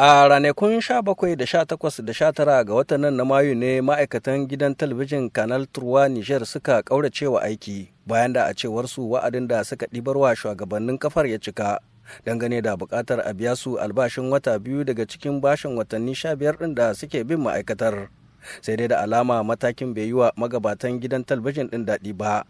A ranakun 17 da 18 da 19 ga watan nan na Mayu ne ma'aikatan gidan talabijin kanal Turwa Niger suka kauracewa aiki bayan da a cewar su wa'adin da suka ɗibarwa shugabannin kafar ya cika dangane da buƙatar a biya su albashin wata biyu daga cikin bashin watanni 15 ɗin da suke bin ma'aikatar. Sai dai da alama matakin bai yi wa magabatan gidan talabijin ɗin daɗi ba.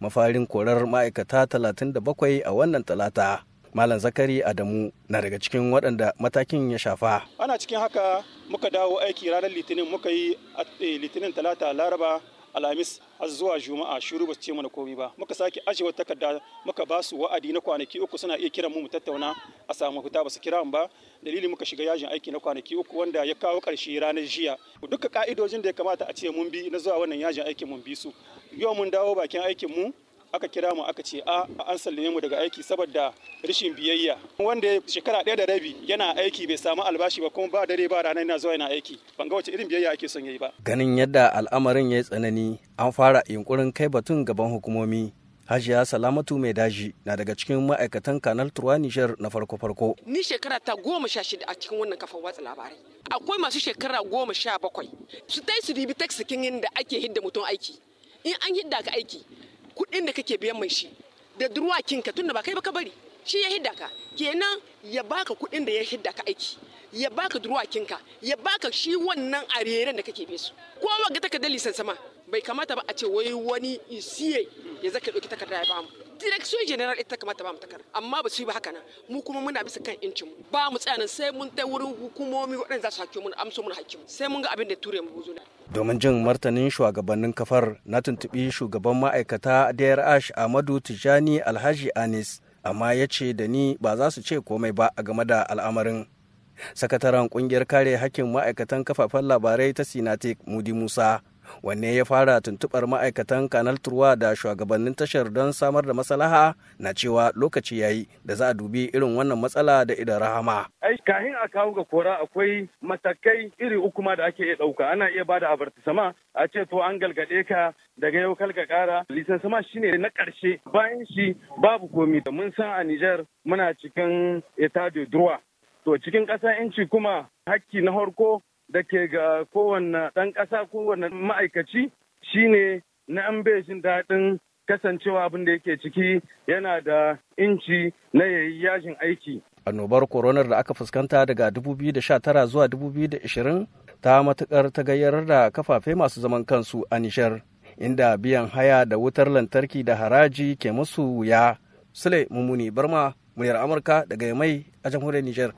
Mafarin korar ma'aikata 37 a wannan talata. Malam Zakari Adamu na daga cikin waɗanda matakin ya shafa. Ana cikin haka muka dawo aiki ranar Litinin muka yi eh, Litinin Talata Laraba Alhamis har zuwa Juma'a shiru ba su ce mana komai ba. Muka sake ajiye wata takarda muka ba su wa'adi na kwanaki uku suna iya kiran mu mu tattauna a samu fita ba su kira mu ba. Dalili muka shiga yajin aiki na kwanaki uku wanda ya kawo ƙarshe ranar jiya. Duka ka'idojin da ya kamata a ce mun bi na zuwa wannan yajin aikin mun bi su. Yau mun dawo bakin aikin mu aka kira mu aka ce a an sallame mu daga aiki saboda rashin biyayya wanda shekara ɗaya da rabi yana aiki bai samu albashi ba kuma ba dare ba rana yana zuwa yana aiki ban ga wace irin biyayya ake son yayi ba ganin yadda al'amarin ya yi tsanani an fara yunkurin kai batun gaban hukumomi Hajiya Salamatu Mai Daji na daga cikin ma'aikatan Kanal Turwa Nijar na farko-farko. Ni shekara ta goma sha shida a cikin wannan kafar watsa labarai. Akwai masu shekara goma sha bakwai. Su dai su bibi taksikin da ake hidda mutum aiki. In an hidda ka aiki, kuɗin da kake biyan mai shi da ka tunda ba kai ba ka bari shi ya hidda ka kenan ya baka kuɗin da ya hidda ka aiki ya baka ka, ya baka shi wannan areren da kake bi su ko ga takardar lisan sama bai kamata ba a ce wai wani isiye ya zaka ɗauki takarda ya bamu direction general ita kamata ba mu takara amma ba su yi ba haka nan mu kuma muna bisa kan incin mu ba mu tsaya nan sai mun dai wurin hukumomi waɗanda za su hakki mu amso mu hakki mu sai mun ga abin da ture mu buzo domin jin martanin shugabannin kafar na tuntubi shugaban ma'aikata DRH Ahmadu Tijani Alhaji Anis amma ya ce da ni ba za su ce komai ba a game da al'amarin sakataren kungiyar kare hakkin ma'aikatan kafafen labarai ta sinatik mudi musa wanne ya fara tuntubar ma'aikatan kanal turwa da shugabannin tashar don samar da maslaha na cewa lokaci yayi da za a dubi irin wannan matsala da idan rahama. Ai kahin a kawo ga kora akwai matakai iri uku ma da ake iya ɗauka ana iya bada sama a ce to an galgade ka daga yau kalka kara lisan sama shine na ƙarshe bayan shi babu komi da. mun san a Nijar muna cikin etado droit to cikin ƙasa inci kuma hakki na harko da ke ga kowane ɗan ƙasa kowanne ma'aikaci shi ne na an bai jin daɗin kasancewa abin da yake ciki yana da inci na yayi yajin aiki. Annobar koronar da aka fuskanta daga 2019 zuwa 2020 ta matukar tagayyar da kafafe masu zaman kansu a Nishar, inda biyan haya da wutar lantarki da haraji ke musu wuya. Sule Mumuni Barma, muryar Amurka daga mai a jamhuriyar Nijar.